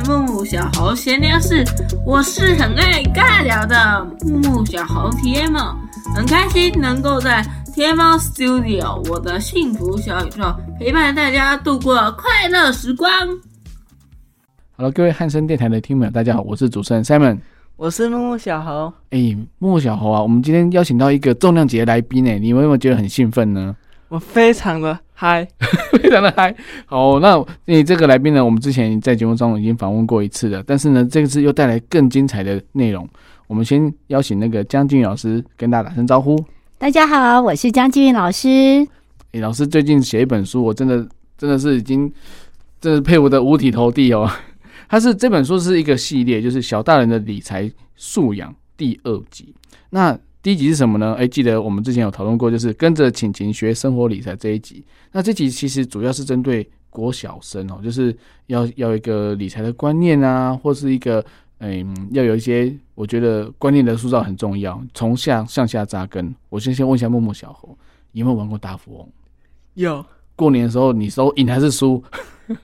沐沐小猴閒聊室，我是很愛尬聊的沐沐小猴 T.M，很開心能夠在 TM Studio 我的幸福小宇宙陪伴大家度過快樂時光。好了，各位漢聲電台的聽友們，大家好，我是主持人 Simon，我是沐沐小猴。哎、欸，沐沐小猴啊，我們今天邀請到一個重量級的來賓哎、欸，你有沒有覺得很興奮呢？我非常的。嗨，非常的嗨！好、哦，那你這個來賓呢？我們之前在節目中已經訪問過一次了，但是呢，這個、次又帶來更精彩的內容。我們先邀請那個江季芸老師跟大家打聲招呼。大家好，我是江季芸老師。誒，老師最近寫一本書，我真的真的是已經，真的是佩服的五體投地哦。他是這本書是一個系列，就是《小大人的理財素養》第二集。那第一集是什麼呢？哎、欸，記得我們之前有討論過，就是跟着錢錢學生活理財這一集。那這集其實主要是針對國小生哦，就是要要一個理財的觀念啊，或是一個嗯，要有一些我覺得觀念的塑造很重要，從下向下扎根。我先先問一下沐沐小猴，你有沒有玩過大富翁？有。過年的時候，你收贏還是輸？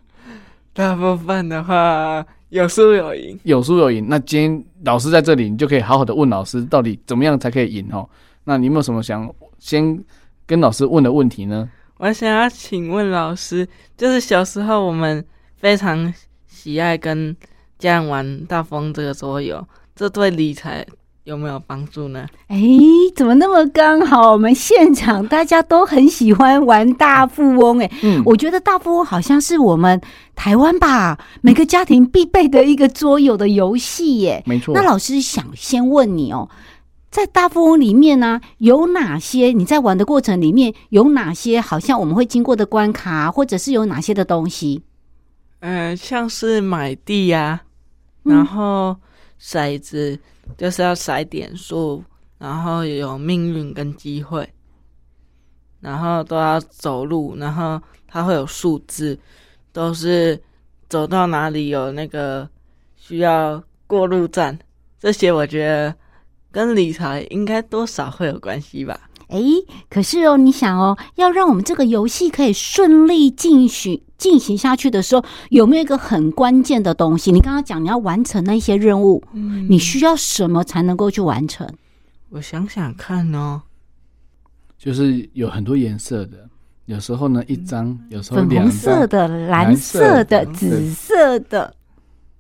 大部分的話。有輸有贏，有輸有贏。那今天老師在這裡，你就可以好好的問老師，到底怎麼樣才可以贏哦？那你有沒有什麼想先跟老師問的問題呢？我想要請問老師，就是小時候我們非常喜愛跟家人玩大富翁這個桌遊，這對理財，有沒有幫助呢？哎、欸，怎麼那麼剛好？我們現場大家都很喜歡玩大富翁、欸，哎，嗯，我覺得大富翁好像是我們台灣吧每個家庭必備的一個桌遊的遊戲耶。沒錯。那老師想先問你哦、喔，在大富翁裡面呢、啊，有哪些？你在玩的過程裡面有哪些？好像我們會經過的關卡，或者是有哪些的東西？嗯、呃，像是買地呀、啊，然後骰子。嗯就是要骰點數，然後有命運跟機會，然後都要走路，然後它會有數字，都是走到哪裡有那個需要過路站，這些我覺得跟理財應該多少會有關係吧。哎，可是哦，你想哦，要讓我們這個遊戲可以順利進行進行下去的時候，有沒有一個很關鍵的東西？你剛剛講你要完成那些任務，嗯，你需要什麼才能夠去完成？我想想看呢，哦，就是有很多顏色的，有時候呢一張，有時候兩張，粉紅色的，藍色的，紫色的，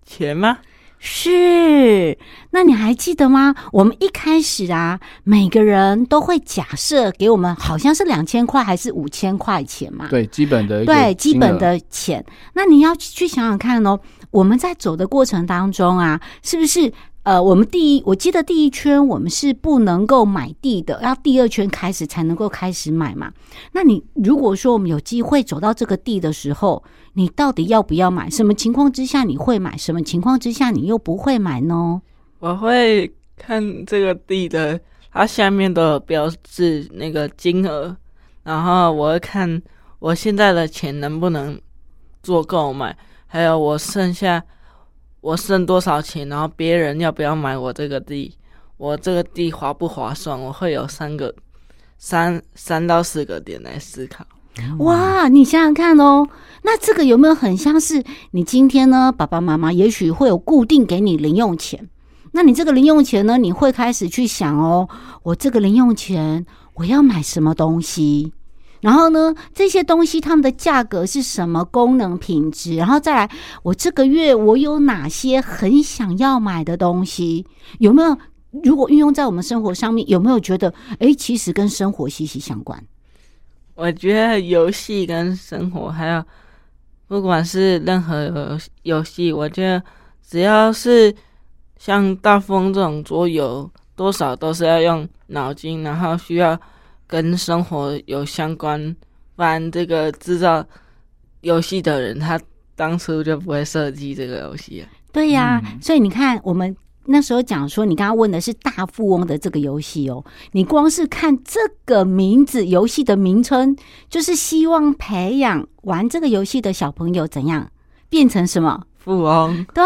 錢嗎？是，那你還記得嗎？我們一開始啊，每個人都會假設給我們好像是兩千塊還是五千塊錢嘛？對，基本的一個金額，對，基本的錢。那你要去想想看哦，我們在走的過程當中啊，是不是？呃，我們第一，我記得第一圈我們是不能夠買地的，要第二圈開始才能夠開始買嘛。那你如果說我們有機會走到這個地的時候，你到底要不要買？什麼情況之下你會買？什麼情況之下你又不會買呢？我會看這個地的它下面的標誌那個金額，然後我會看我現在的錢能不能做購買，還有我剩下。我剩多少錢？然後別人要不要買我這個地？我這個地划不划算？我會有三個三三到四個點來思考哇。哇，你想想看哦，那這個有沒有很像是你今天呢？爸爸媽媽也許會有固定給你零用錢，那你這個零用錢呢？你會開始去想哦，我這個零用錢我要買什麼東西？然後呢？這些東西它們的價格是什麼？功能品質？然後再來，我這個月我有哪些很想要買的東西？有沒有？如果運用在我們生活上面，有沒有覺得？誒，其實跟生活息息相關。我覺得遊戲跟生活還，還有不管是任何遊遊戲，我覺得只要是像大富翁這種桌遊，多少都是要用腦筋，然後需要。跟生活有相關，不然這個製造遊戲的人，他當初就不會設計這個遊戲，啊。對呀，啊，嗯，所以你看，我們那時候講說，你剛剛問的是《大富翁》的這個遊戲哦。你光是看這個名字，遊戲的名稱，就是希望培養玩這個遊戲的小朋友怎樣變成什麼。富翁對，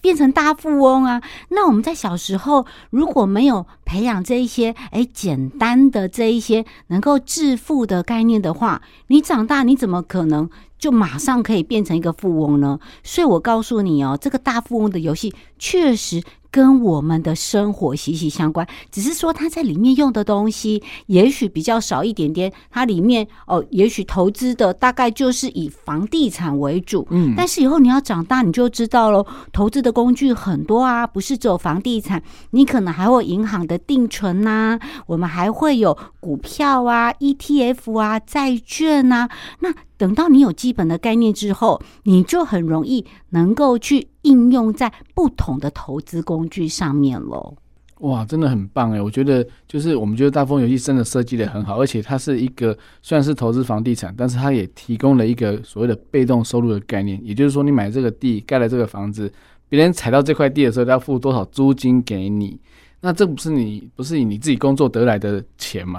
變成大富翁啊！那我們在小時候如果沒有培養這一些哎、欸、簡單的這一些能夠致富的概念的話，你長大你怎麼可能就馬上可以變成一個富翁呢？所以我告訴你哦，這個大富翁的遊戲確實。跟我們的生活息息相關，只是說它在裡面用的東西也許比較少一點點，它裡面哦，也許投資的大概就是以房地產為主，嗯，但是以後你要長大你就知道嘍，投資的工具很多啊，不是只有房地產，你可能還有銀行的定存吶、啊，我們還會有股票啊、ETF 啊、債券啊，那。等到你有基本的概念之後，你就很容易能夠去應用在不同的投資工具上面了。哇，真的很棒哎！我覺得就是我們覺得大富翁遊戲真的設計得很好，而且它是一個雖然是投資房地產，但是它也提供了一個所謂的被動收入的概念。也就是說，你買這個地蓋了這個房子，別人踩到這塊地的時候，他要付多少租金給你？那這不是你不是以你自己工作得來的？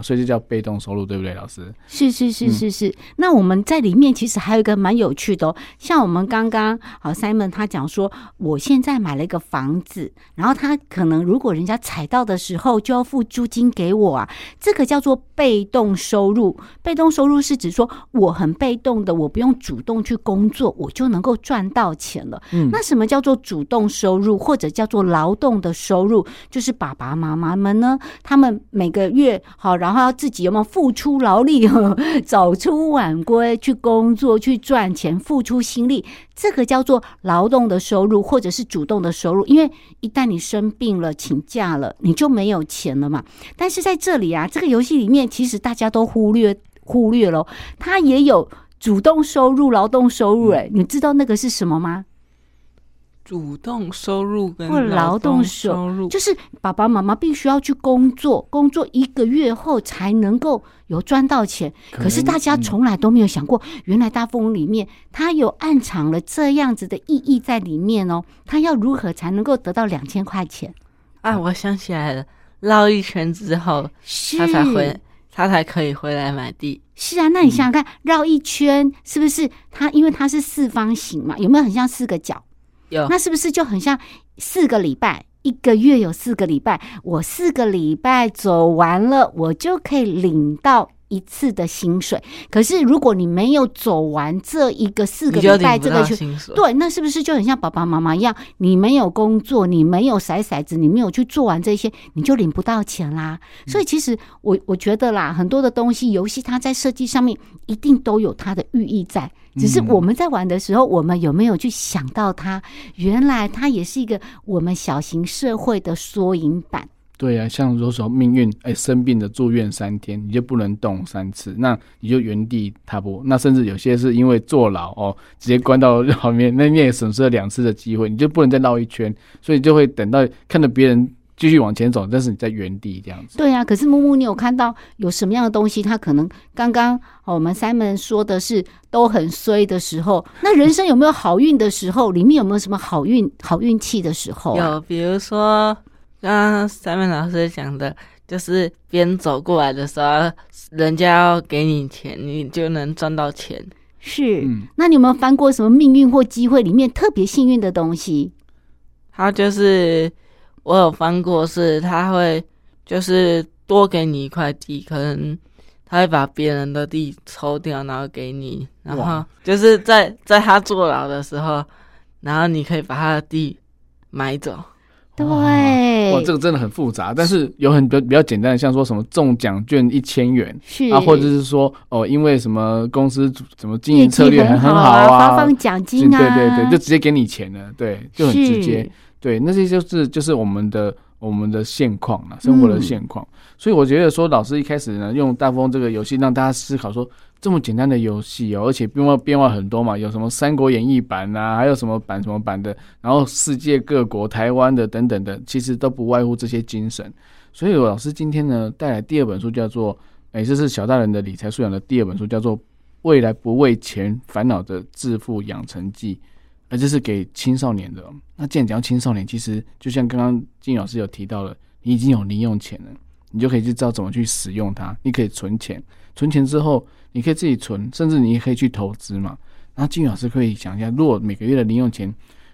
所以就叫被動收入，對不對，老師？是是是是是。嗯。那我們在裡面其實還有一個蠻有趣的哦，像我們剛剛好 Simon 他講說，我現在買了一個房子，然後他可能如果人家踩到的時候就要付租金給我啊，這個叫做被動收入。被動收入是指說我很被動的，我不用主動去工作，我就能夠賺到錢了。嗯。那什麼叫做主動收入，或者叫做勞動的收入？就是爸爸媽媽們呢，他們每個月。然後要自己有沒有付出勞力，呵呵早出晚歸去工作去賺錢，付出心力，這個叫做勞動的收入，或者是主動的收入。因為一旦你生病了請假了，你就沒有錢了嘛。但是在這裡啊，這個遊戲裡面其實大家都忽略忽略了，它也有主動收入、勞動收入欸。哎，你知道那個是什麼嗎？主動收入跟勞動收入動，就是爸爸媽媽必須要去工作，工作一個月後才能夠有賺到錢。可是大家從來都沒有想過，原來大富翁裡面他有暗藏了這樣子的意義在裡面哦。他要如何才能夠得到兩千塊錢？啊，我想起來了，繞一圈之後，他才會，他才可以回來買地。是啊，那你想想看，嗯、繞一圈是不是它？它因為它是四方形嘛，有沒有很像四個角？那是不是就很像四個禮拜，一個月有四個禮拜，我四個禮拜走完了，我就可以領到一次的薪水。可是如果你沒有走完這一個四個禮拜，這個水，你就領不到薪水。對，那是不是就很像爸爸媽媽一樣？你沒有工作，你沒有甩骰子，你沒有去做完這些，你就領不到錢啦。所以其實我我覺得啦，很多的東西遊戲它在設計上面一定都有它的寓意在。只是我們在玩的時候，嗯、我們有沒有去想到它？原來它也是一個我們小型社會的縮影版，嗯。對啊，像如果說命運，哎、欸，生病的住院三天，你就不能動三次，那你就原地踏步。那甚至有些是因為坐牢哦，直接關到後面， 那你也損失了兩次的機會，你就不能再繞一圈，所以就會等到看到別人。繼續往前走，但是你在原地這樣子。對呀、啊，可是木木，你有看到有什麼樣的東西？他可能剛剛我們 Simon 說的是都很衰的時候，那人生有沒有好運的時候？ 裡面有沒有什麼好運、好運氣的時候、啊？有，比如說，剛剛 Simon 老師講的，就是邊走過來的時候，人家要給你錢，你就能賺到錢。是、嗯，那你有沒有翻過什麼命運或機會裡面特別幸運的東西？他就是。我有翻過，是他會就是多給你一塊地，可能他會把別人的地抽掉，然後給你，然後就是在在他坐牢的時候，然後你可以把他的地買走。對，哇，哇，這個真的很複雜，但是有很比較比較簡單的，像說什麼中獎券一千元，是啊，或者是說哦，因為什麼公司什麼經營策略很好啊，業績很好啊，發放獎金啊，對對對，就直接給你錢了，對，就很直接。對，那些就是就是我們的我們的現況了，生活的現況。嗯、所以我覺得說，老師一開始呢，用大富翁這個遊戲讓大家思考說，這麼簡單的遊戲、哦，而且變化變化很多嘛，有什麼三國演義版吶、啊，還有什麼版什麼版的，然後世界各國、台灣的等等的，其實都不外乎這些精神。所以我老師今天呢，帶來第二本書，叫做《這是小大人的理財素養》的第二本書，叫做《未來不為錢煩惱的致富養成記》。而這是給青少年的。那既然講青少年，其實就像剛剛季芸老師有提到了，你已經有零用錢了，你就可以去知道怎麼去使用它。你可以存錢，存錢之後你可以自己存，甚至你可以去投資嘛。那季芸老師可以想一下，如果每個月的零用錢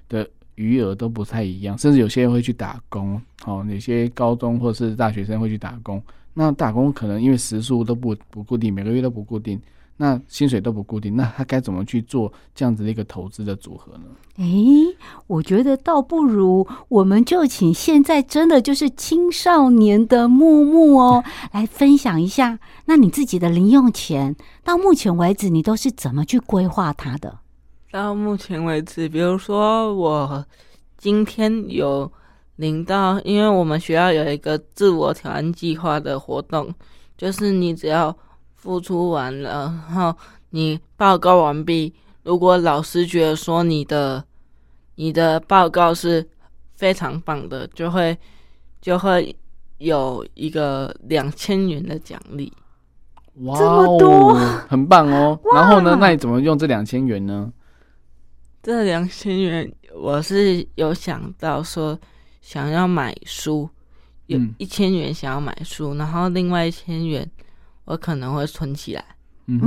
的餘額都不太一樣，甚至有些人會去打工，哦，有些高中或者是大學生會去打工。那打工可能因為時數都不不固定，每個月都不固定。那薪水都不固定，那他該怎麼去做這樣子的一個投資的組合呢？哎，我覺得倒不如我們就請現在真的就是青少年的沐沐哦 來分享一下，那你自己的零用錢到目前為止你都是怎麼去規劃它的？到目前為止，比如說我今天有領到，因為我們學校有一個自我挑戰計劃的活動，就是你只要。付出完了，然後你報告完畢。如果老師覺得說你的你的報告是非常棒的，就會就會有一個兩千元的獎勵。哇、wow，這麼多，很棒哦、wow。然後呢？那你怎麼用這兩千元呢？這兩千元我是有想到說想要買書，有一千元想要買書，嗯、然後另外一千元，我可能會存起來嗯。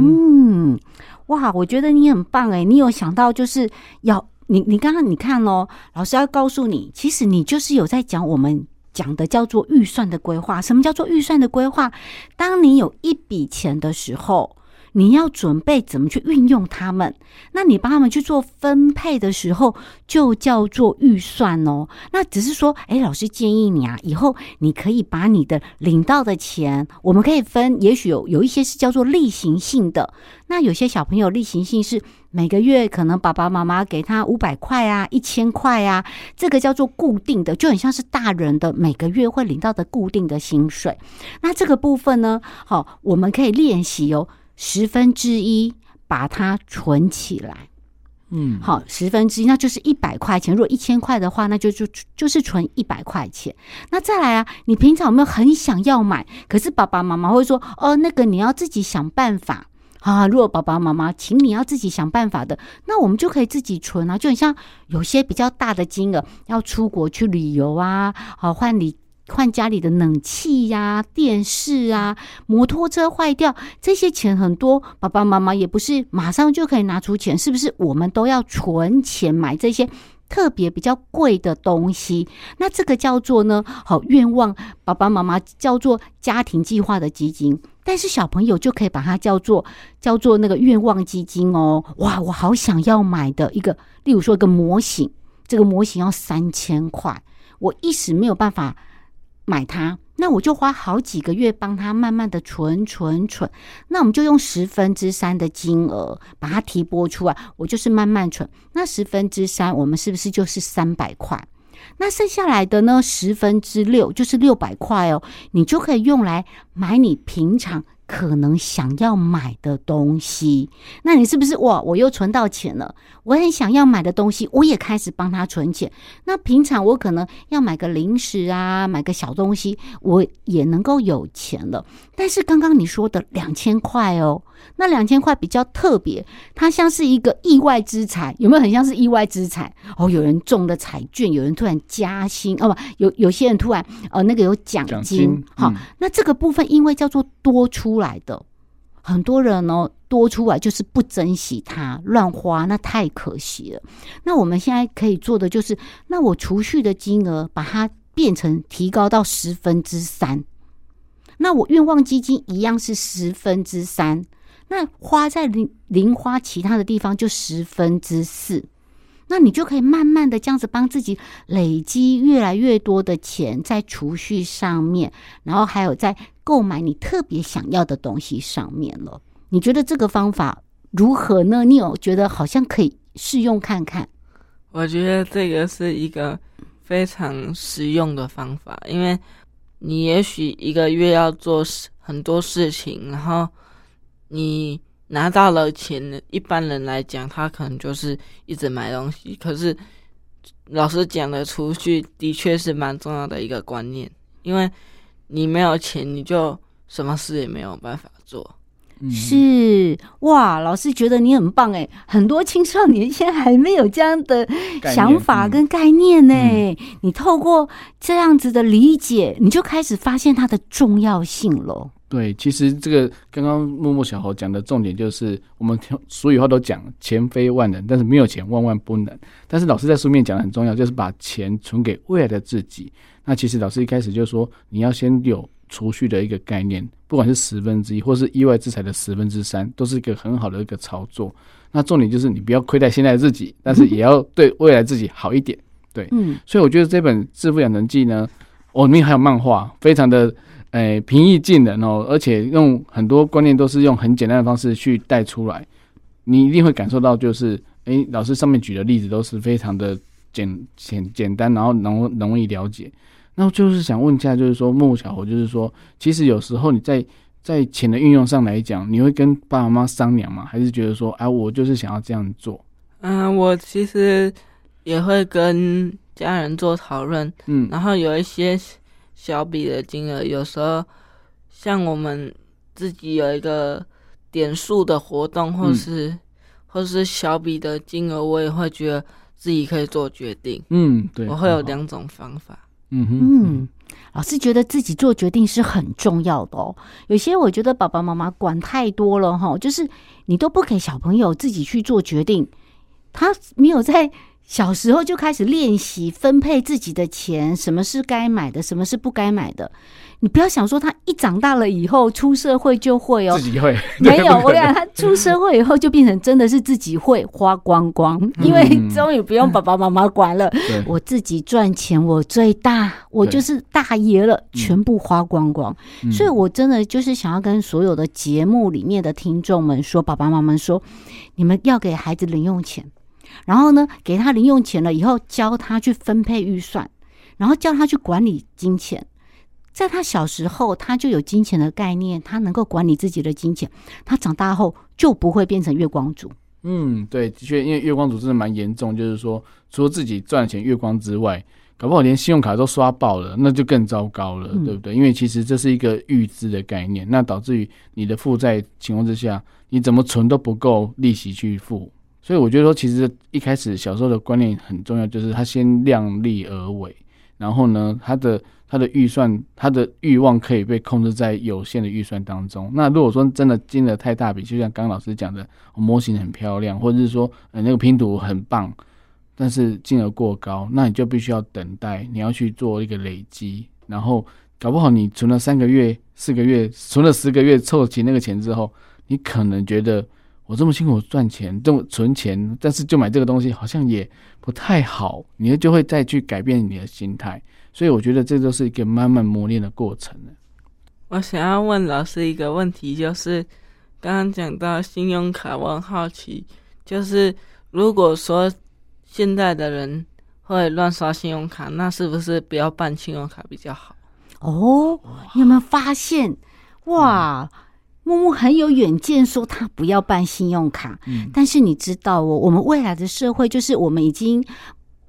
嗯，哇，我覺得你很棒哎、欸！你有想到就是要你，你剛剛你看哦，老師要告訴你，其實你就是有在講我們講的叫做預算的規劃。什麼叫做預算的規劃？當你有一筆錢的時候。你要準備怎麼去運用他們？那你幫他們去做分配的時候，就叫做預算哦。那只是說，哎，老師建議你啊，以後你可以把你的領到的錢，我們可以分，也許有有一些是叫做例行性的。那有些小朋友例行性是每個月可能爸爸媽媽給他五百塊啊、一千塊啊，這個叫做固定的，就很像是大人的每個月會領到的固定的薪水。那這個部分呢，好，我們可以練習哦。十分之一把它存起來，嗯，好，十分之一那就是一百塊錢。如果一千塊的話，那就就就是存一百塊錢。那再來啊，你平常有沒有很想要買？可是爸爸媽媽會說，哦，那個你要自己想辦法啊。如果爸爸媽媽請你要自己想辦法的，那我們就可以自己存啊。就很像有些比較大的金額要出國去旅遊啊，啊，換你。換家裡的冷氣呀、啊、電視啊、摩托車壞掉，這些錢很多，爸爸媽媽也不是馬上就可以拿出錢，是不是？我們都要存錢買這些特別比較貴的東西。那這個叫做呢？好願望，爸爸媽媽叫做家庭計劃的基金，但是小朋友就可以把它叫做叫做那個願望基金哦。哇，我好想要買的一個，例如說一個模型，這個模型要三千塊，我一時沒有辦法買它，那我就花好幾個月幫他慢慢的存存存。那我們就用十分之三的金額把它提撥出來，我就是慢慢存。那十分之三，我們是不是就是三百塊？那剩下來的呢，十分之六就是六百塊哦，你就可以用來買你平常。可能想要買的東西，那你是不是，哇，我又存到錢了。我很想要買的東西，我也開始幫他存錢。那平常我可能要買個零食啊，買個小東西，我也能夠有錢了。但是剛剛你說的兩千塊哦。那兩千塊比較特別，它像是一個意外之財，有沒有很像是意外之財？哦，有人中了彩券，有人突然加薪，哦不，有有些人突然呃、哦、那個有獎金，好，哦嗯、那這個部分因為叫做多出來的，很多人呢、哦、多出來就是不珍惜它，亂花，那太可惜了。那我們現在可以做的就是，那我儲蓄的金額把它變成提高到十分之三，那我願望基金一樣是十分之三。那花在零零花其他的地方就十分之四，那你就可以慢慢的這樣子幫自己累積越來越多的錢在儲蓄上面，然後還有在購買你特別想要的東西上面了。你覺得這個方法如何呢？你有覺得好像可以試用看看？我覺得這個是一個非常實用的方法，因為你也許一個月要做很多事情，然後。你拿到了錢，一般人來講，他可能就是一直買東西。可是老師講的出去，的確是蠻重要的一個觀念，因為你沒有錢，你就什麼事也沒有辦法做。嗯、是哇，老師覺得你很棒哎，很多青少年現在還沒有這樣的想法跟概念呢、嗯。你透過這樣子的理解、嗯，你就開始發現它的重要性了。對，其實這個剛剛沐沐小猴講的重點就是，我們聽俗語話都講錢非萬能，但是沒有錢萬萬不能。但是老師在書面講的很重要，就是把錢存給未來的自己。那其實老師一開始就說，你要先留。儲蓄的一個概念，不管是十分之一，或是意外之財的十分之三，都是一個很好的一個操作。那重點就是你不要虧待現在自己，但是也要對未來自己好一點。 對，嗯，所以我覺得這本《致富養成記》呢，後、哦、面還有漫畫，非常的誒、呃、平易近人哦，而且用很多觀念都是用很簡單的方式去帶出來，你一定會感受到，就是誒、欸，老師上面舉的例子都是非常的簡簡簡單，然後容容易了解。那我就是想問一下，就是說沐小猴，就是說，其實有時候你在在錢的運用上來講，你會跟爸爸媽媽商量嗎？還是覺得說，啊，我就是想要這樣做？嗯、呃，我其實也會跟家人做討論，嗯，然後有一些小筆的金額，有時候像我們自己有一個點數的活動，或是、嗯、或是小筆的金額，我也會覺得自己可以做決定。嗯，對，我會有兩種方法。好好嗯哼、嗯，老是覺得自己做決定是很重要的哦。有些我覺得爸爸媽媽管太多了吼、哦、就是你都不給小朋友自己去做決定，他沒有在小時候就開始練習分配自己的錢，什麼是該買的，什麼是不該買的。你不要想說他一長大了以後出社會就會哦，自己會沒有。我跟你講，他出社會以後就變成真的是自己會花光光， 因為終於不用爸爸媽媽管了、嗯。我自己賺錢，我最大，我就是大爺了，全部花光光。所以我真的就是想要跟所有的節目裡面的聽眾們說，嗯、爸爸媽媽說，你們要給孩子零用錢，然後呢，給他零用錢了以後，教他去分配預算，然後教他去管理金錢。在他小時候，他就有金錢的概念，他能夠管理自己的金錢。他長大後就不會變成月光族。嗯，對，的確，因為月光族真的蠻嚴重，就是說除了自己賺錢月光之外，搞不好連信用卡都刷爆了，那就更糟糕了，對不對？嗯。因為其實這是一個預支的概念，那導致於你的負債情況之下，你怎麼存都不夠利息去付。所以我覺得說，其實一開始小時候的觀念很重要，就是他先量力而為。然後呢，他的他的預算，他的欲望可以被控制在有限的預算當中。那如果說真的金額太大筆，就像剛剛老師講的，哦，模型很漂亮，或者是說呃那個拼圖很棒，但是金額過高，那你就必須要等待，你要去做一個累積。然後搞不好你存了三個月、四個月，存了十個月，湊齊那個錢之後，你可能覺得。我這麼辛苦賺錢，這麼存錢，但是就買這個東西，好像也不太好，你就會再去改變你的心態。所以我覺得這就是一個慢慢磨練的過程。我想要問老師一個問題，就是剛剛講到信用卡，我很好奇，就是如果說現在的人會亂刷信用卡，那是不是不要辦信用卡比較好？哦，你有沒有發現？哇！嗯沐沐很有遠見，說他不要辦信用卡。嗯、但是你知道哦，我們未來的社會就是我們已經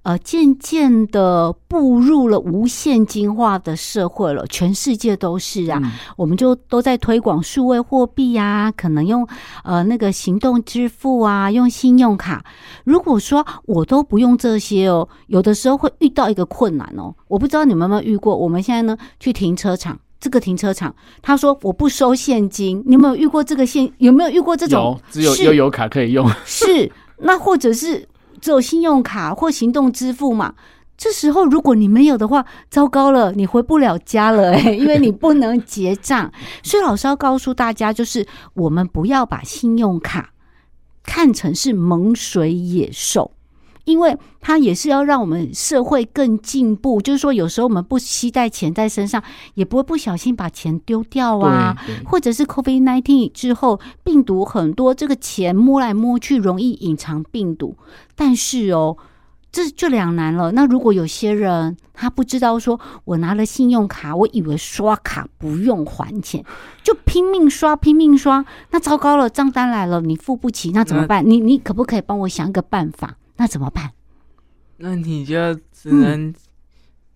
呃漸漸的步入了無現金化的社會了，全世界都是啊，嗯、我們就都在推廣數位貨幣呀，可能用呃那個行動支付啊，用信用卡。如果說我都不用這些哦，有的時候會遇到一個困難哦，我不知道你們有沒有遇過。我們現在呢，去停車場。這個停車場，他說我不收現金，你有沒有遇過這個現？有沒有遇過這種？有只有悠遊卡可以用，是，是那或者是只有信用卡或行動支付嘛？這時候如果你沒有的話，糟糕了，你回不了家了。欸，因為你不能結賬。 所以老師要告訴大家，就是我們不要把信用卡看成是猛水野獸。因為它也是要讓我們社會更進步，就是說，有時候我們不攜帶錢在身上，也不會不小心把錢丟掉啊。或者是 COVID-19 之後，病毒很多，這個錢摸來摸去容易隱藏病毒。但是哦，這就兩難了。那如果有些人他不知道，說我拿了信用卡，我以為刷卡不用還錢，就拼命刷拼命刷，那糟糕了，賬單來了，你付不起，那怎麼辦？你你可不可以幫我想一個辦法？那怎麼辦？那你就只能，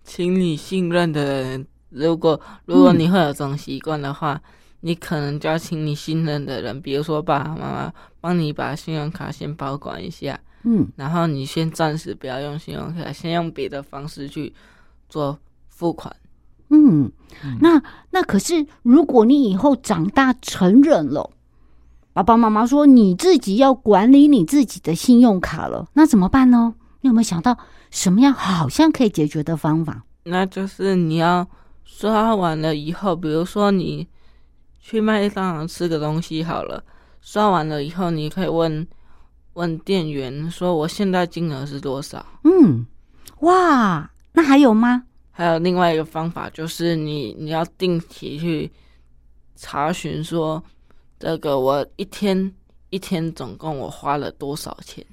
請你信任的人。嗯、如果如果你會有這種習慣的話、嗯，你可能就要請你信任的人，比如說爸爸媽媽，幫你把信用卡先保管一下。嗯，然後你先暫時不要用信用卡，先用別的方式去做付款。嗯，那那可是，如果你以後長大成人了。爸爸媽媽說：“你自己要管理你自己的信用卡了，那怎麼辦呢？你有沒有想到什麼樣好像可以解決的方法？那就是你要刷完了以後，比如說你去麥當勞吃個東西好了，刷完了以後，你可以問問店員說我現在金額是多少？嗯，哇，那還有嗎？還有另外一個方法，就是你你要定期去查詢說。”這個我一天一天總共我花了多少錢？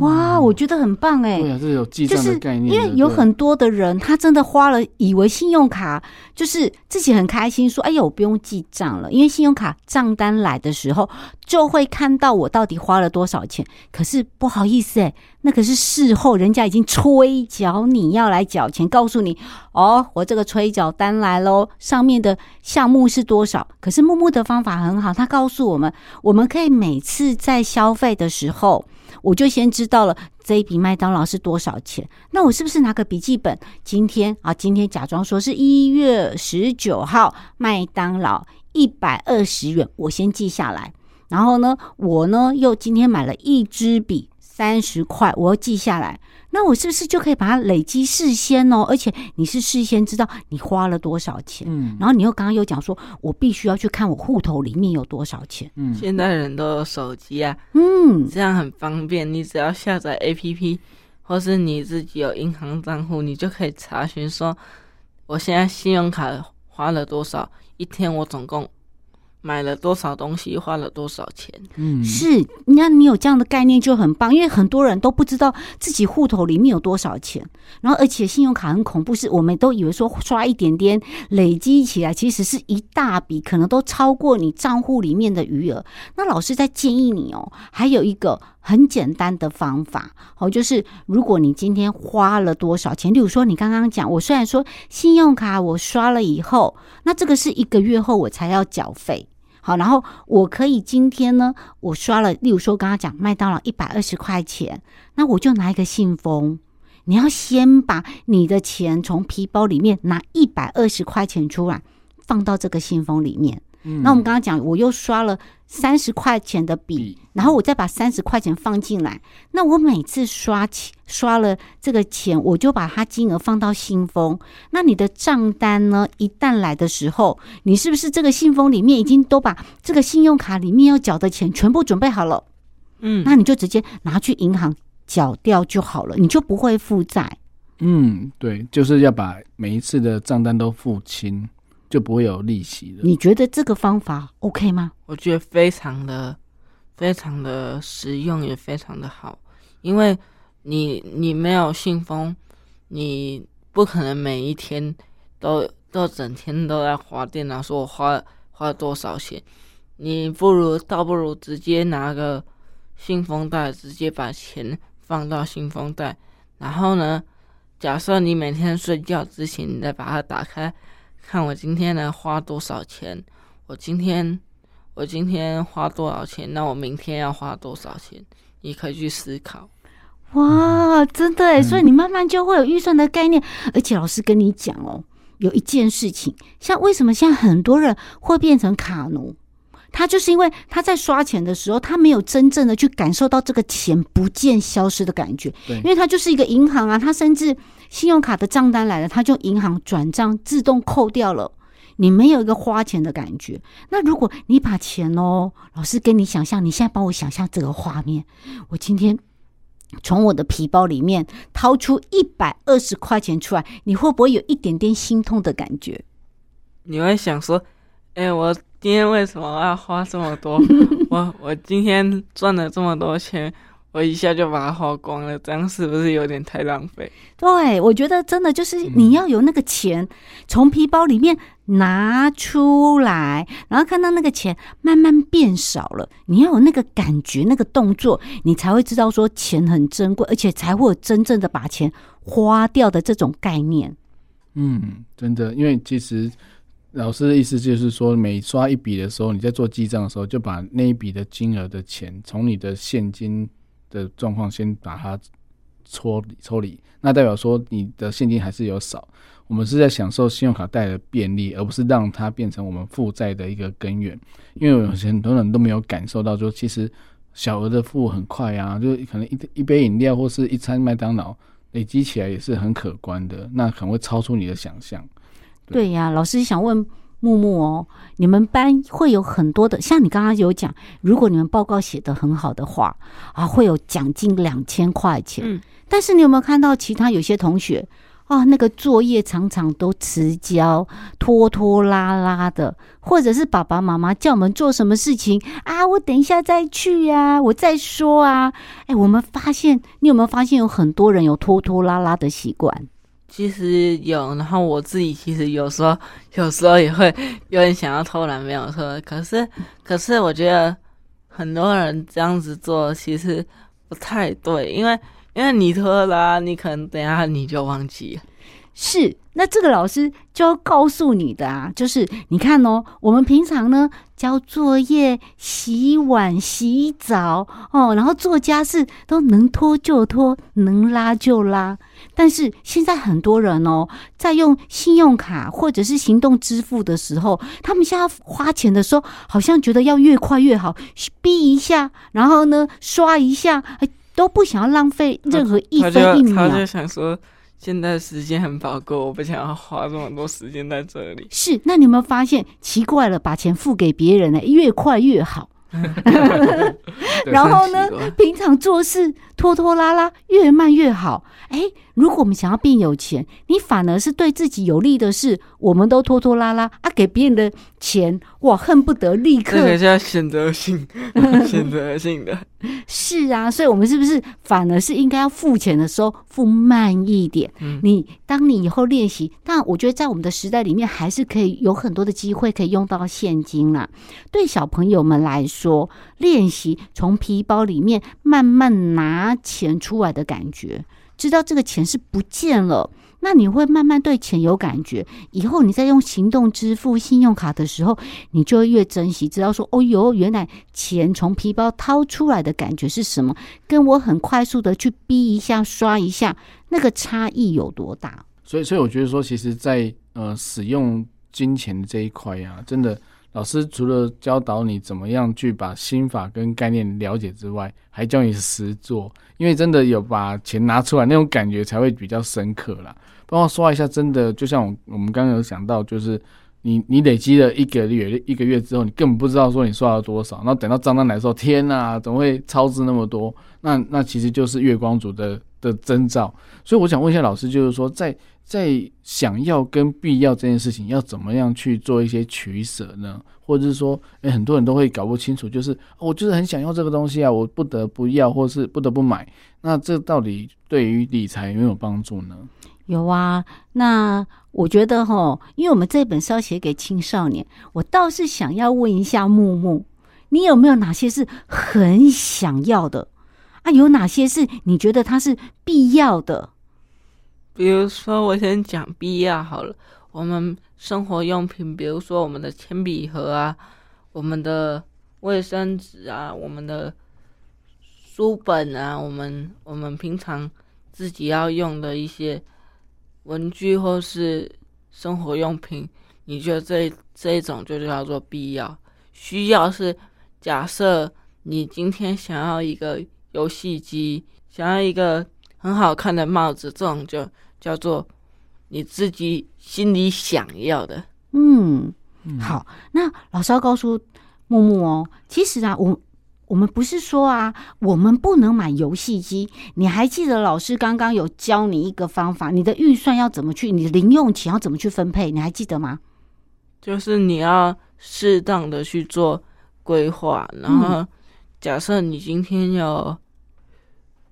哇，我覺得很棒哎！對啊，這有記賬的概念。因為有很多的人，他真的花了，以為信用卡就是自己很開心，說：“哎呦，我不用記賬了，因為信用卡賬單來的時候就會看到我到底花了多少錢。”可是不好意思哎，那可是事後人家已經催繳你要來繳錢，告訴你：“哦，我這個催繳單來咯，上面的項目是多少？”可是沐沐的方法很好，他告訴我們，我們可以每次在消費的時候。我就先知道了這一筆麥當勞是多少錢。那我是不是拿個筆記本？今天啊，今天假裝說是一月十九號，麥當勞一百二十元，我先記下來。然後呢，我呢又今天買了一支筆，三十塊，我記下來。那我是不是就可以把它累積事先哦？而且你是事先知道你花了多少錢，嗯，然後你又剛剛又講說，我必須要去看我戶頭裡面有多少錢，嗯，現在人都有手機啊，嗯，這樣很方便，你只要下載 APP，或是你自己有銀行賬戶，你就可以查詢說，我現在信用卡花了多少，一天我總共。買了多少東西，花了多少錢？嗯，是，那你有這樣的概念就很棒，因為很多人都不知道自己戶頭裡面有多少錢，然後而且信用卡很恐怖，是我們都以為說刷一點點累積起來，其實是一大筆，可能都超過你賬戶裡面的餘額。那老師在建議你哦，還有一個很簡單的方法哦，就是如果你今天花了多少錢，例如說你剛剛講，我雖然說信用卡我刷了以後，那這個是一個月後我才要繳費。好，然後我可以今天呢，我刷了，例如說剛剛講麥當勞一百二十塊錢，那我就拿一個信封，你要先把你的錢從皮包裡面拿一百二十塊錢出來，放到這個信封裡面。那我們剛剛講，我又刷了三十塊錢的筆，然後我再把三十塊錢放進來。那我每次刷刷了這個錢，我就把它金額放到信封。那你的賬單呢？一旦來的時候，你是不是這個信封裡面已經都把這個信用卡裡面要繳的錢全部準備好了？嗯，那你就直接拿去銀行繳掉就好了，你就不會負債。嗯，對，就是要把每一次的賬單都付清。就不會有利息了。你覺得這個方法 OK 嗎？我覺得非常的、非常的實用，也非常的好。因為，你你沒有信封，你不可能每一天都都整天都在滑電腦，說我花花多少錢。你不如倒不如直接拿個信封袋，直接把錢放到信封袋。然後呢，假設你每天睡覺之前，你再把它打開。看我今天能花多少錢？我今天我今天花多少錢？那我明天要花多少錢？你可以去思考。哇，真的耶、嗯！所以你慢慢就會有預算的概念。而且老師跟你講哦，有一件事情，像為什麼像很多人會變成卡奴？他就是因為他在刷錢的時候，他沒有真正的去感受到這個錢不見消失的感覺。對，因為他就是一個銀行啊，他甚至信用卡的賬單來了，他就銀行轉賬自動扣掉了，你沒有一個花錢的感覺。那如果你把錢哦，老師跟你想象，你現在幫我想象這個畫面，我今天從我的皮包裡面掏出一百二十塊錢出來，你會不會有一點點心痛的感覺？你會想說，哎，我。今天為什麼要花這麼多？ 我我今天賺了這麼多錢，我一下就把它花光了，這樣是不是有點太浪費？對，我覺得真的就是你要有那個錢從皮包裡面拿出來，嗯，然後看到那個錢慢慢變少了，你要有那個感覺、那個動作，你才會知道說錢很珍貴，而且才會有真正的把錢花掉的這種概念。嗯，真的，因為其實。老師的意思就是說，每刷一筆的時候，你在做記賬的時候，就把那一筆的金額的錢從你的現金的狀況先把它抽抽離，那代表說你的現金還是有少。我們是在享受信用卡帶來的便利，而不是讓它變成我們負債的一個根源。因為有很多人都沒有感受到，就其實小額的付很快啊，就是可能一一杯飲料或是一餐麥當勞累積起來也是很可觀的，那可能會超出你的想象對呀、啊，老師想問木木哦，你們班會有很多的，像你剛剛有講，如果你們報告寫得很好的話，啊，會有獎金兩千塊錢、嗯。但是你有沒有看到其他有些同學啊，那個作業常常都遲交，拖拖拉拉的，或者是爸爸媽媽叫我們做什麼事情啊，我等一下再去呀、啊，我再說啊。哎，我們發現，你有沒有發現有很多人有拖拖拉拉的習慣？其實有，然後我自己其實有時候，有時候也會有點想要偷懶，沒有說可是，可是我覺得很多人這樣子做其實不太對，因為因為你拖拉、啊、你可能等下你就忘記。是，那這個老師就要告訴你的啊，就是你看哦，我們平常呢交作業、洗碗、洗澡哦，然後做家事都能拖就拖，能拉就拉。但是現在很多人哦，在用信用卡或者是行動支付的時候，他們現在花錢的時候，好像覺得要越快越好，嗶一下，然後呢刷一下，都不想要浪費任何一分一秒。他，他，就，他就想說，現在時間很寶貴，我不想要花這麼多時間在這裡。是，那你有沒有發現奇怪了？把錢付給別人呢，越快越好。 然後呢，平常做事拖拖拉拉，越慢越好。哎，如果我們想要變有錢，你反而是對自己有利的事，我們都拖拖拉拉啊，給別人的錢，我恨不得立刻。這個叫選擇性，選擇性的。是啊，所以，我們是不是反而是應該要付錢的時候付慢一點？嗯，你當你以後練習，但我覺得在我們的時代裡面，還是可以有很多的機會可以用到現金啦。對小朋友們來說。說練習從皮包裡面慢慢拿錢出來的感覺，知道這個錢是不見了，那你會慢慢對錢有感覺。以後你在用行動支付、信用卡的時候，你就會越珍惜，知道說哦喲，原來錢從皮包掏出來的感覺是什麼，跟我很快速的去逼一下、刷一下，那個差異有多大？所以，所以我覺得說，其實在，在呃，使用金錢這一塊呀、啊，真的。老師除了教導你怎麼樣去把心法跟概念了解之外，還教你實做，因為真的有把錢拿出來，那種感覺才會比較深刻啦，包括我刷一下，真的就像我我們剛剛有想到，就是你你累積了一個月一個月之後，你根本不知道說你刷了多少，然後等到賬單來的時候，天吶、啊，怎麼會超支那麼多？那那其實就是月光族的。的徵兆，所以我想問一下老師，就是說，在在想要跟必要這件事情，要怎麼樣去做一些取捨呢？或者是說，哎、欸，很多人都會搞不清楚，就是我、哦、就是很想要這個東西啊，我不得不要，或是不得不買，那這到底對於理財有沒有幫助呢？有啊，那我覺得吼，因為我們這本是要寫給青少年，我倒是想要問一下木木，你有沒有哪些是很想要的？那、啊、有哪些是你覺得它是必要的？比如說，我先講必要好了。我們生活用品，比如說我們的鉛筆盒啊，我們的衛生紙啊，我們的書本啊，我們我們平常自己要用的一些文具或是生活用品，你覺得這這種就叫做必要。需要是假設你今天想要一個，遊戲機，想要一個很好看的帽子，這種就叫做你自己心裡想要的。嗯，好，那老師要告訴沐沐哦，其實啊，我我們不是說啊，我們不能買遊戲機。你還記得老師剛剛有教你一個方法，你的預算要怎麼去，你的零用錢要怎麼去分配，你還記得嗎？就是你要適當的去做規劃，然後假設你今天要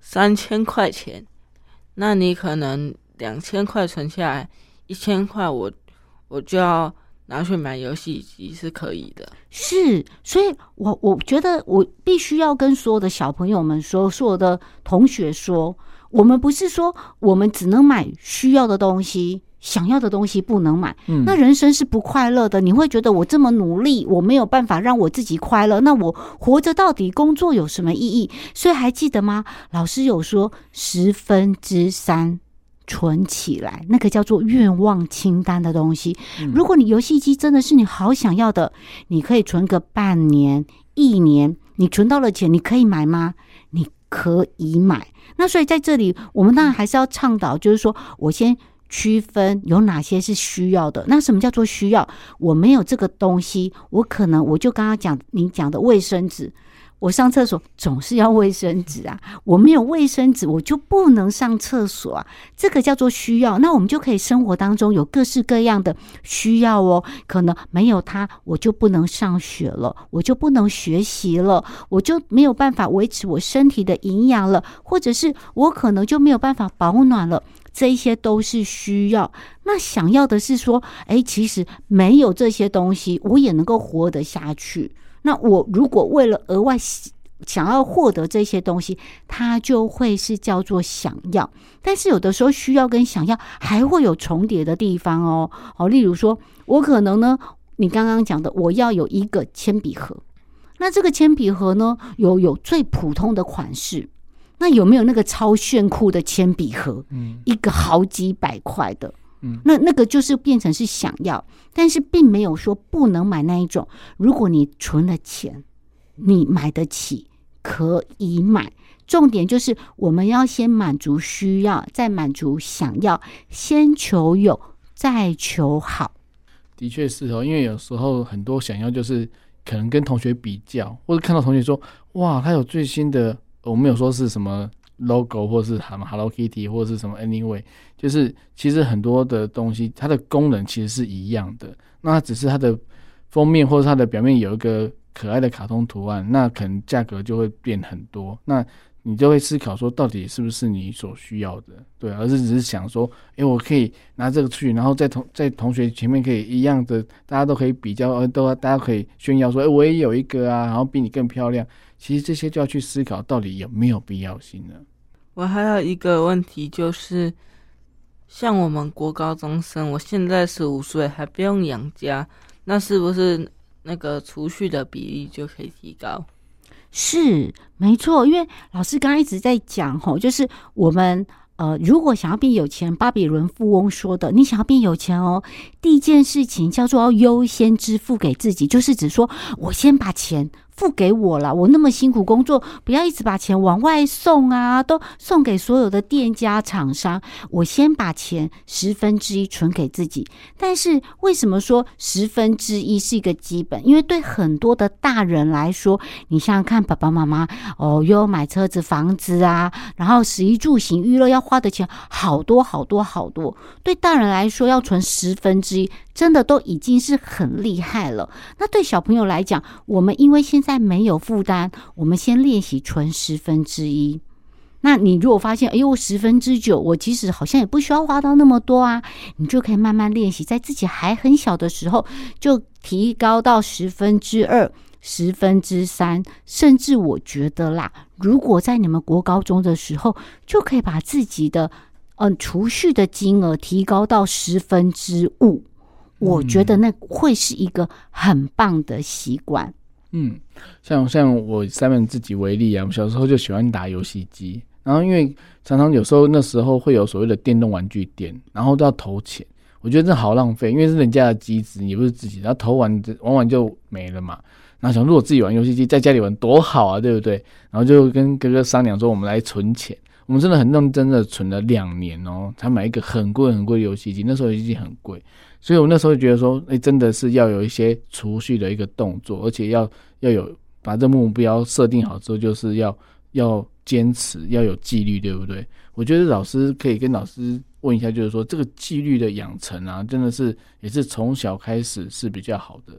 三千塊錢，那你可能兩千塊存下來，一千塊我我就要拿去買遊戲機是可以的。是，所以我我覺得我必須要跟所有的小朋友們說，所有的同學說，我們不是說我們只能買需要的東西。想要的東西不能買，嗯，那人生是不快樂的。你會覺得，我這麼努力，我沒有辦法讓我自己快樂。那我活着到底工作有什麼意義？所以還記得嗎？老師有說十分之三存起來，那個叫做願望清單的東西。嗯，如果你遊戲機真的是你好想要的，你可以存個半年、一年。你存到了錢，你可以買嗎？你可以買。那所以在這裡，我們當然還是要倡導，就是說我先。區分有哪些是需要的。那什麼叫做需要？我沒有這個東西，我可能我就剛剛講你講的衛生紙，我上廁所總是要衛生紙啊。我沒有衛生紙，我就不能上廁所啊。這個叫做需要。那我們就可以生活當中有各式各樣的需要哦。可能沒有它，我就不能上學了，我就不能學習了，我就沒有辦法維持我身體的營養了，或者是我可能就沒有辦法保暖了。這些都是需要。那想要的是說，哎，其實沒有這些東西，我也能夠活得下去。那我如果為了額外想要獲得這些東西，它就會是叫做想要。但是有的時候，需要跟想要還會有重疊的地方哦。好，例如說，我可能呢，你剛剛講的，我要有一個鉛筆盒。那這個鉛筆盒呢，有有最普通的款式。那有沒有那個超炫酷的鉛筆盒？嗯，一個好幾百塊的，嗯，那那個就是變成是想要，但是並沒有說不能買那一種。如果你存了錢，你買得起可以買。重點就是我們要先滿足需要，再滿足想要，先求有再求好。的確，是哦，因為有時候很多想要就是可能跟同學比較，或者看到同學說哇，他有最新的。我沒有說是什麼 logo，或是 Hello Kitty，或是什麼。Anyway，就是其實很多的東西，它的功能其實是一樣的，那只是它的封面或者它的表面有一個可愛的卡通圖案，那可能價格就會變很多。那你就會思考說，到底是不是你所需要的？對，而是只是想說，欸，我可以拿這個出去，然後在同在同學前面可以一樣的，大家都可以比較，呃，都大家可以炫耀說，欸，我也有一個啊，然後比你更漂亮。其實這些就要去思考，到底有沒有必要性呢？我還有一個問題就是，像我們國高中生，我現在十五歲還不用養家，那是不是那個儲蓄的比例就可以提高？是沒錯，因為老師剛剛一直在講吼，就是我們呃，如果想要變有錢，巴比倫富翁說的，你想要變有錢哦，第一件事情叫做要優先支付給自己，就是指說我先把錢。付給我了，我那麼辛苦工作，不要一直把錢往外送啊！都送給所有的店家、廠商，我先把錢十分之一存給自己。但是為什麼說十分之一是一個基本？因為對很多的大人來說，你像看爸爸媽媽哦，又要買車子、房子啊，然後食衣住行、娛樂要花的錢好多好多好多。對大人來說，要存十分之一。真的都已經是很厲害了。那對小朋友來講，我們因為現在沒有負擔，我們先練習存十分之一。那你如果發現，哎呦，十分之九，我其實好像也不需要花到那麼多啊，你就可以慢慢練習，在自己還很小的時候，就提高到十分之二、十分之三，甚至我覺得啦，如果在你們國高中的時候，就可以把自己的嗯、呃、儲蓄的金額提高到十分之五。我覺得那會是一個很棒的習慣。嗯，像像我三妹自己為例啊，我小時候就喜歡打遊戲機，然後因為常常有時候那時候會有所謂的電動玩具店，然後都要投錢。我覺得這好浪費，因為是人家的機子，也不是自己，然後投完玩完就沒了嘛。然後想，如果自己玩遊戲機，在家裡玩多好啊，對不對？然後就跟哥哥商量說，我們來存錢。我們真的很認真的存了兩年哦，才買一個很貴很貴的遊戲機。那時候遊戲機很貴。所以，我那時候就覺得說，誒、欸、真的是要有一些儲蓄的一個動作，而且要要有把這目標設定好之後，就是要要堅持，要有紀律，對不對？我覺得老師可以跟老師問一下，就是說這個紀律的養成啊，真的是也是從小開始是比較好的。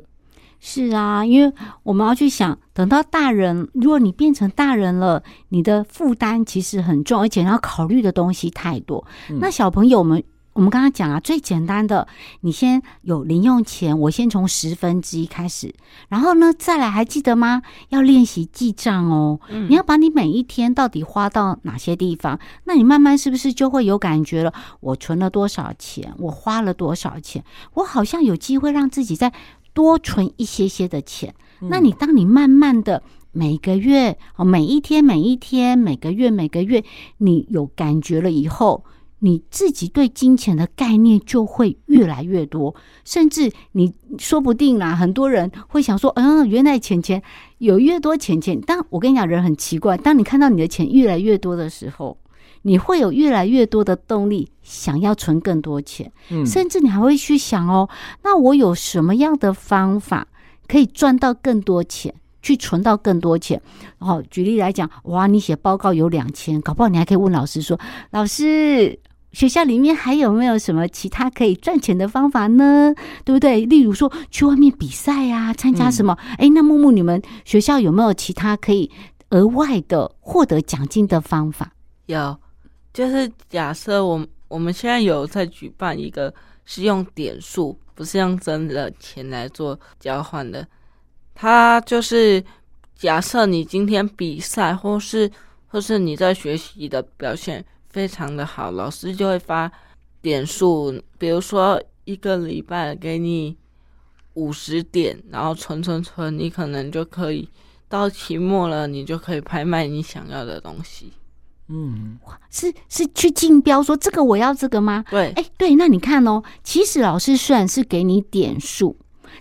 是啊，因為我們要去想，等到大人，如果你變成大人了，你的負擔其實很重，而且要考慮的東西太多。嗯、那小朋友們。我們剛剛講啊，最簡單的，你先有零用錢，我先從十分之一開始，然後呢再來，還記得嗎？要練習記賬哦、嗯，你要把你每一天到底花到哪些地方，那你慢慢是不是就會有感覺了？我存了多少錢？我花了多少錢？我好像有機會讓自己再多存一些些的錢。嗯、那你當你慢慢的每個月哦、每一天、每一天、每個月、每個月，你有感覺了以後。你自己對金錢的概念就會越來越多，甚至你說不定啦、啊，很多人會想說：“嗯，原來錢錢有越多錢錢。但”但我跟你講，人很奇怪，當你看到你的錢越來越多的時候，你會有越來越多的動力想要存更多錢，嗯、甚至你還會去想哦，那我有什麼樣的方法可以賺到更多錢，去存到更多錢？然、哦、後舉例來講，哇，你寫報告有兩千，搞不好你還可以問老師說：“老師。”學校裡面還有沒有什麼其他可以賺錢的方法呢？對不對？例如說去外面比賽啊，參加什麼？誒、嗯、欸、那沐沐，你們學校有沒有其他可以額外的獲得獎金的方法？有，就是假設我們我們現在有在舉辦一個，是用點數，不是用真的錢來做交換的。它就是假設你今天比賽，或是或是你在學習的表現。非常的好，老師就會發點數，比如說一個禮拜給你五十點，然後存存存，你可能就可以到期末了，你就可以拍賣你想要的東西。嗯，是是去競標說這個我要這個嗎？對，哎、欸、對，那你看哦，其實老師雖然是給你點數，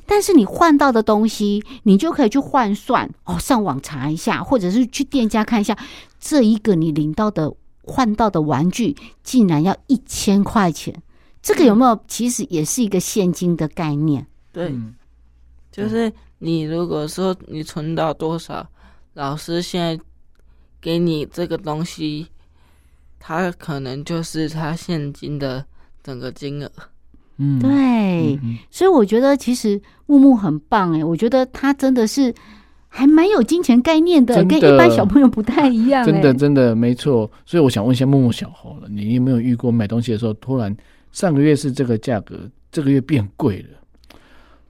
但是你換到的東西，你就可以去換算哦，上網查一下，或者是去店家看一下，這一個你領到的。換到的玩具竟然要一千塊錢，這個有沒有、嗯？其實也是一個現金的概念。對、嗯，就是你如果說你存到多少，老師現在給你這個東西，他可能就是他現金的整個金額、嗯。對、嗯。所以我覺得其實沐沐很棒哎、欸，我覺得他真的是。還蠻有金錢概念的，的，跟一般小朋友不太一樣、欸啊。真的，真的沒錯。所以我想問一下沐沐小猴了，你有沒有遇過買東西的時候，突然上個月是這個價格，這個月變貴了？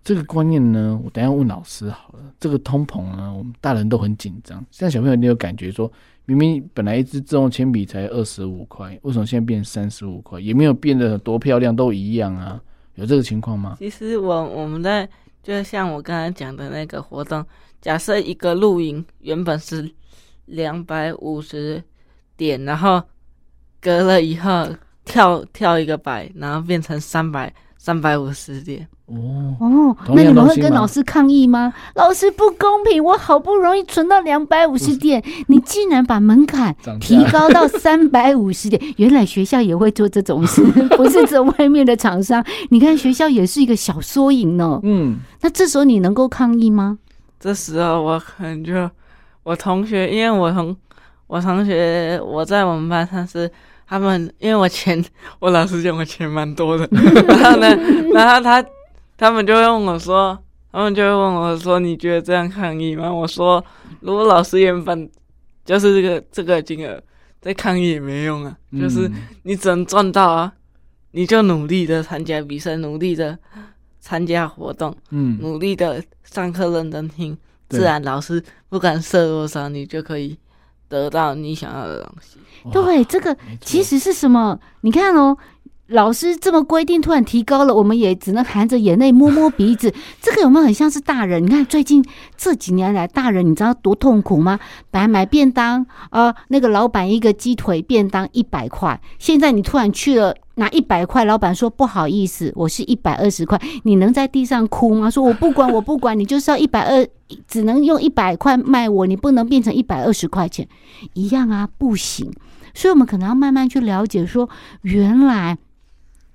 這個觀念呢，我等下問老師好了。這個通膨呢，我們大人都很緊張，現在小朋友你有感覺說，明明本來一支自動鉛筆才二十五塊，為什麼現在變三十五塊？也沒有變得多漂亮，都一樣啊，有這個情況嗎？其實我我們在就像我剛才講的那個活動。假設一個露營原本是兩百五十點，然後隔了以後跳跳一個百，然後變成三百三百五十點。哦哦，那你們會跟老師抗議嗎？老師不公平，我好不容易存到兩百五十點，50... 你竟然把門檻提高到三百五十點。原來學校也會做這種事， 不是只有外面的廠商。你看學校也是一個小縮影呢。嗯，那這時候你能夠抗議嗎？這時候我可能就我同學，因為我同我同學我在我們班上是他們，因為我錢我老師獎我錢蠻多的， 然後呢，然後他他，他們就問我說，他們就會問我說，你覺得這樣抗議嗎？我說，如果老師原本就是這個這個金額，再抗議也沒用啊，就是你只能賺到啊，你就努力的參加比賽，努力的。參加活動，嗯，努力的上課認真聽，自然老師不管設多少，你就可以得到你想要的東西。對，這個其實是什麼？你看哦。老師這麼規定，突然提高了，我們也只能含着眼淚摸摸鼻子。這個有沒有很像是大人？你看最近這幾年來，大人你知道多痛苦嗎？本來買便當啊，那個老闆一個雞腿便當一百塊，現在你突然去了拿一百塊，老闆說不好意思，我是一百二十塊。你能在地上哭嗎？說我不管，我不管你就是要一百二，只能用一百塊賣我，你不能變成一百二十塊錢一樣啊，不行。所以，我們可能要慢慢去了解，說原來。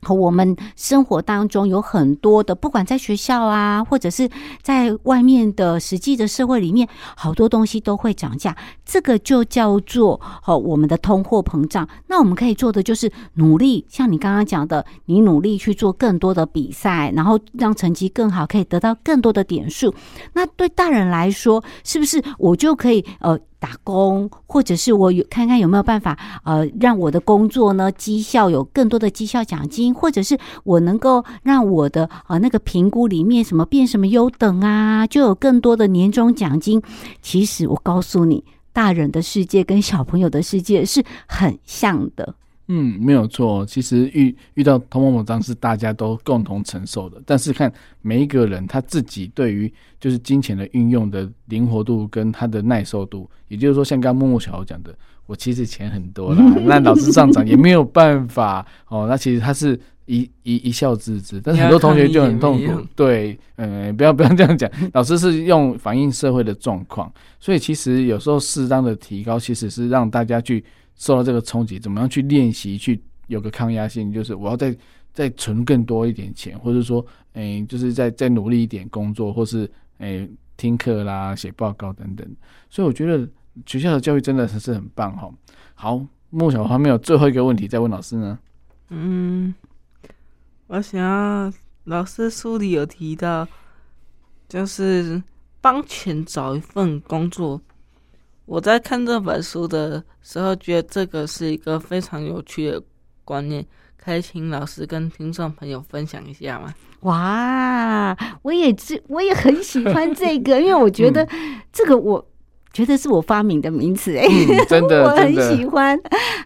和我們生活當中有很多的，不管在學校啊，或者是在外面的實際的社會裡面，好多東西都會漲價。這個就叫做和、哦、我們的通貨膨脹。那我們可以做的就是努力，像你剛剛講的，你努力去做更多的比賽，然後讓成績更好，可以得到更多的點數。那對大人來說，是不是我就可以呃？打工，或者是我有看看有沒有辦法，呃，讓我的工作呢績效有更多的績效獎金，或者是我能夠讓我的啊、呃、那個評估裡面什麼變什麼優等啊，就有更多的年終獎金。其實我告訴你，大人的世界跟小朋友的世界是很像的。嗯，沒有錯。其實遇遇到通貨膨脹是大家都共同承受的，但是看每一個人他自己對於就是金錢的運用的靈活度跟他的耐受度，也就是說，像剛剛沐沐小猴講的，我其實錢很多了、嗯，那老師上漲也沒有辦法 哦。那其實他是一一一笑置之，但是很多同學就很痛苦。對，嗯，不要不要這樣講，老師是用反映社會的狀況，所以其實有時候適當的提高其實是讓大家去。受到這個衝擊，怎麼樣去練習去有個抗壓性？就是我要再再存更多一點錢，或者說，哎、欸，就是再再努力一點工作，或是哎、欸、聽課啦、寫報告等等。所以我覺得學校的教育真的是很棒哈。好，沐沐小猴沒有最後一個問題再問老師呢。嗯，我想要老師書裡有提到，就是幫錢找一份工作。我在看這本書的時候，覺得這個是一個非常有趣的觀念，可以請老師跟聽眾朋友分享一下嗎？哇，我也是我也很喜歡這個， 因為我覺得這個我，我、嗯、覺得是我發明的名詞、欸，哎、嗯，真的， 我很喜歡。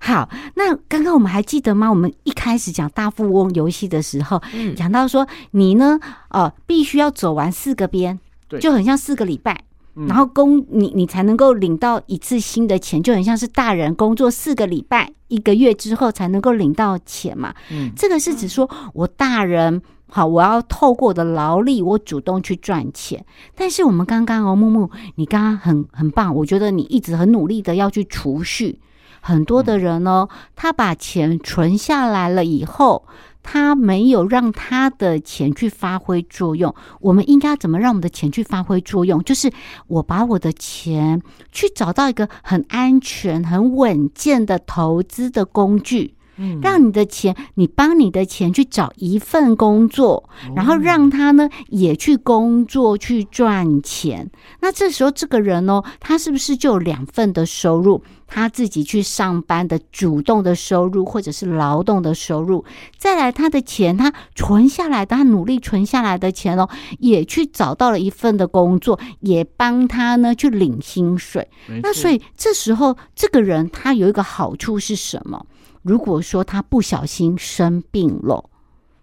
好，那剛剛我們還記得嗎？我們一開始講大富翁遊戲的時候，講、嗯、到說你呢，哦、呃，必須要走完四個邊，對，就很像四個禮拜。然後工你你才能夠領到一次性的錢，就很像是大人工作四個禮拜一個月之後才能夠領到錢嘛。嗯，這個是指說我大人好，我要透過我的勞力，我主動去賺錢。但是我們剛剛哦，木木，你剛剛很很棒，我覺得你一直很努力的要去儲蓄。很多的人呢、哦，他把錢存下來了以後。他沒有讓他的錢去發揮作用。我們應該要怎麼讓我們的錢去發揮作用？就是我把我的錢去找到一個很安全、很穩健的投資的工具。嗯，讓你的錢，你幫你的錢去找一份工作，然後讓他呢也去工作去賺錢。那這時候這個人哦，他是不是就有兩份的收入？他自己去上班的主動的收入，或者是勞動的收入。再來，他的錢他存下來的，他努力存下來的錢哦，也去找到了一份的工作，也幫他呢去領薪水。那所以這時候這個人他有一個好處是什麼？如果說他不小心生病了，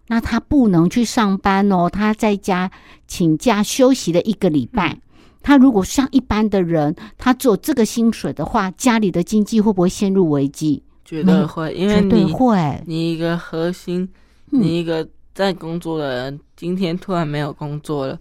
那他不能去上班哦，他在家請假休息了一個禮拜。嗯、他如果像一般的人，他只有這個薪水的話，家裡的經濟會不會陷入危機？覺得會，嗯、因為你會。你一個核心，你一個在工作的人，嗯，今天突然沒有工作了，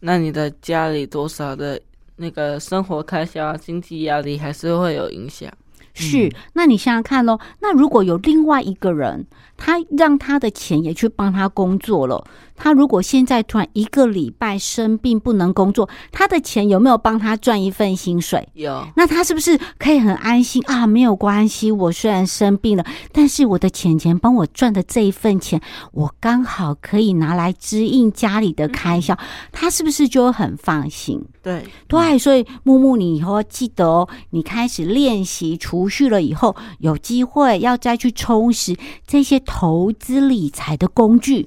那你的家裡多少的那個生活開銷、經濟壓力還是會有影響。是，那你想想看咯。那如果有另外一個人。他讓他的錢也去幫他工作了。他如果現在突然一個禮拜生病不能工作，他的錢有沒有幫他賺一份薪水？有。那他是不是可以很安心啊？沒有關係，我雖然生病了，但是我的錢錢幫我賺的這一份錢，我剛好可以拿來支應家裡的開銷。他是不是就很放心？對對，所以沐沐，你以後要記得哦，你開始練習儲蓄了以後，有機會要再去充實這些。投資理財的工具，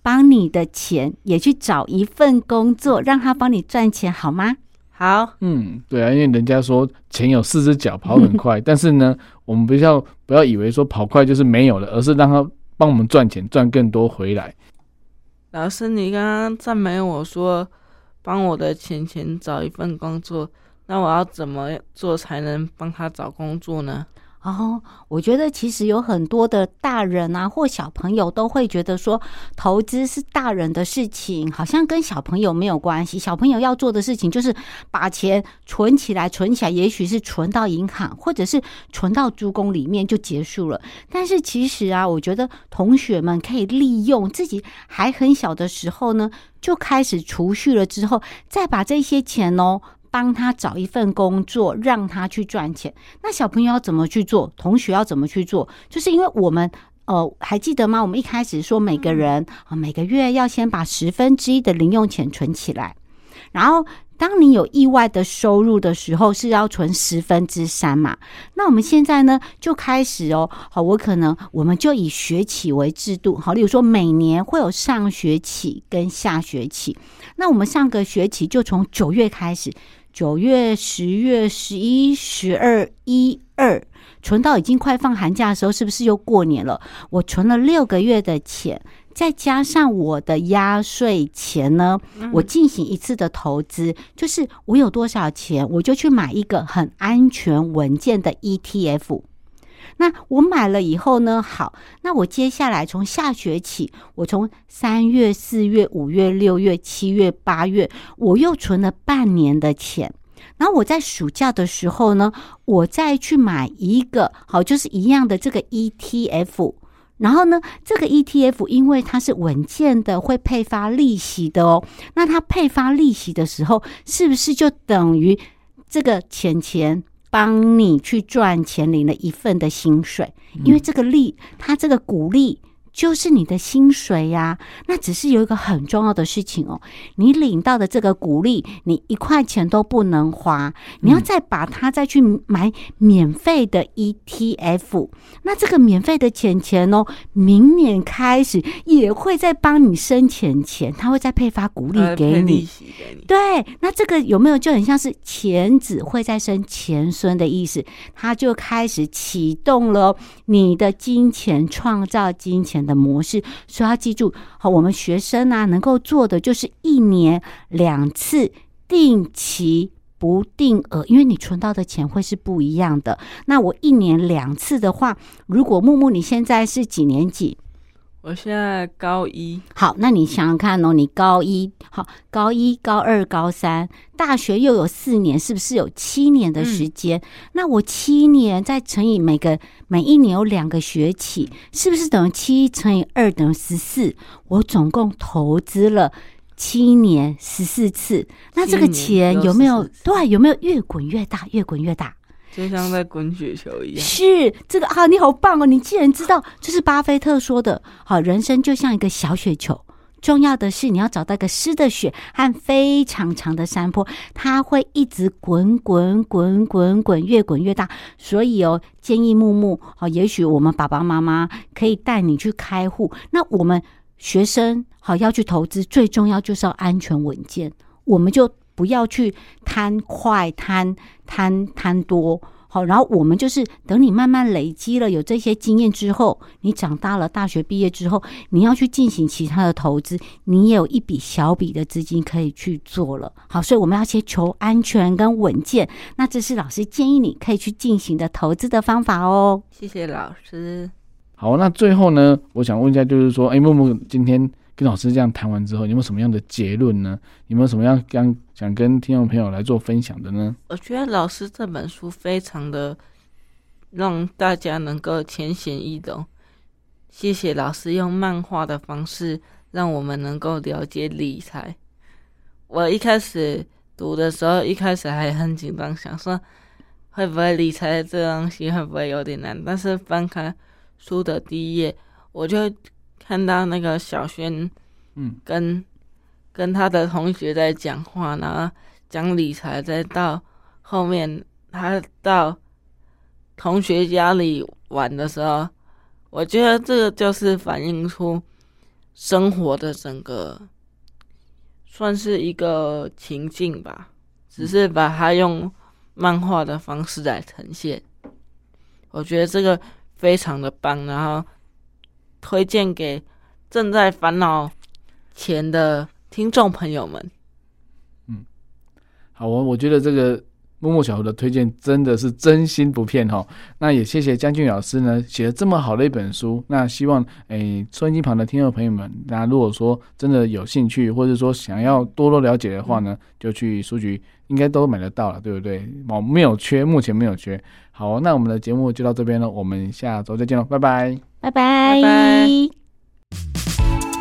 幫你的錢也去找一份工作，讓他幫你賺錢，好嗎？好，嗯，對啊，因為人家說錢有四只腳，跑很快， 但是呢，我們不要不要以為說跑快就是沒有了，而是讓他幫我們賺錢，賺更多回來。老師，你剛剛讚美我說幫我的錢錢找一份工作，那我要怎麼做才能幫他找工作呢？哦，我覺得其實有很多的大人啊，或小朋友都會覺得說，投資是大人的事情，好像跟小朋友沒有關係。小朋友要做的事情就是把錢存起來，存起來，也許是存到銀行，或者是存到豬公裡面就結束了。但是其實啊，我覺得同學們可以利用自己還很小的時候呢，就開始儲蓄了，之後再把這些錢哦。幫他找一份工作，讓他去賺錢。那小朋友要怎麼去做？同學要怎麼去做？就是因為我們呃，還記得嗎？我們一開始說每個人、嗯、每個月要先把十分之一的零用錢存起來，然後當你有意外的收入的時候，是要存十分之三嘛。那我們現在呢，就開始哦、喔。好，我可能我們就以學期為制度。好，例如說每年會有上學期跟下學期。那我們上個學期就從九月開始。九月、十月、十一、十二、一二，存到已經快放寒假的時候，是不是又過年了？我存了六個月的錢，再加上我的壓歲錢呢？我進行一次的投資，就是我有多少錢，我就去買一個很安全穩健的 ETF。那我買了以後呢？好，那我接下來從下學期，我從三月、四月、五月、六月、七月、八月，我又存了半年的錢。然後我在暑假的時候呢，我再去買一個，好，就是一樣的這個 ETF。然後呢，這個 ETF 因為它是穩健的，會配發利息的哦。那它配發利息的時候，是不是就等於這個錢錢？幫你去賺錢，領了一份的薪水，因為這個利，他這個鼓勵。就是你的薪水呀，啊，那只是有一個很重要的事情哦，喔，你領到的這個股利，你一塊錢都不能花，你要再把它再去買免費的 ETF，嗯，那這個免費的錢錢哦，喔，明年開始也會再幫你生錢錢，它會再配發股利給，呃，給你。對，那這個有沒有就很像是錢子會再生錢孫的意思，它就開始啟動了你的金錢創造金錢的模式，所以要記住，好，我們學生呢、啊、能夠做的就是一年兩次，定期不定額，因為你存到的錢會是不一樣的。那我一年兩次的話，如果沐沐你現在是幾年級？我現在高一，好，那你想想看哦，你高一，好，高一、高二、高三，大學又有四年，是不是有七年的時間？嗯，那我七年再乘以每個每一年有兩個學期，是不是等於七乘以二等於十四？我總共投資了七年十四次，那這個錢有沒有，對，有沒有越滾越大？越滾越大？就像在滾雪球一樣是，是這個啊！你好棒哦！你竟然知道這是巴菲特說的，好、啊，人生就像一個小雪球，重要的是你要找到一個濕的雪和非常長的山坡，它會一直滾滾滾滾滾，滾，越滾越大。所以哦，建議沐沐，好、啊，也許我們爸爸媽媽可以帶你去開戶。那我們學生好、啊、要去投資，最重要就是要安全穩健，我們就。不要去貪快、貪貪、貪多，好，然後我們就是等你慢慢累積了有這些經驗之後，你長大了，大學畢業之後，你要去進行其他的投資，你也有一筆小筆的資金可以去做了，好，所以我們要先求安全跟穩健，那這是老師建議你可以去進行的投資的方法哦。謝謝老師。好，那最後呢，我想問一下，就是說，哎、欸，沐沐今天。跟老師這樣談完之後，有沒有什麼樣的結論呢？有沒有什麼樣想想跟聽眾朋友來做分享的呢？我覺得老師這本書非常的讓大家能夠淺顯易懂。謝謝老師用漫畫的方式，讓我們能夠了解理財。我一開始讀的時候，一開始還很緊張，想說會不會理財這東西會不會有點難？但是翻開書的第一頁，我就。看到那個小軒，嗯，跟跟他的同學在講話，然後講理財，再到後面他到同學家裡玩的時候，我覺得這個就是反映出生活的整個，算是一個情境吧，只是把它用漫畫的方式來呈現，嗯，我覺得這個非常的棒，然後。推薦給正在煩惱錢的聽眾朋友們。嗯，好、哦，我我覺得這個沐沐小猴的推薦真的是真心不騙哈、哦。那也謝謝江季芸老師呢，寫了這麼好的一本書。那希望誒，收音機旁的聽眾朋友們，那如果說真的有興趣，或者說想要多多了解的話呢，嗯、就去書局。應該都買得到了，對不對？沒沒有缺，目前沒有缺。好，那我們的節目就到這邊了，我們下周再見了，拜拜，拜拜，拜拜。Bye bye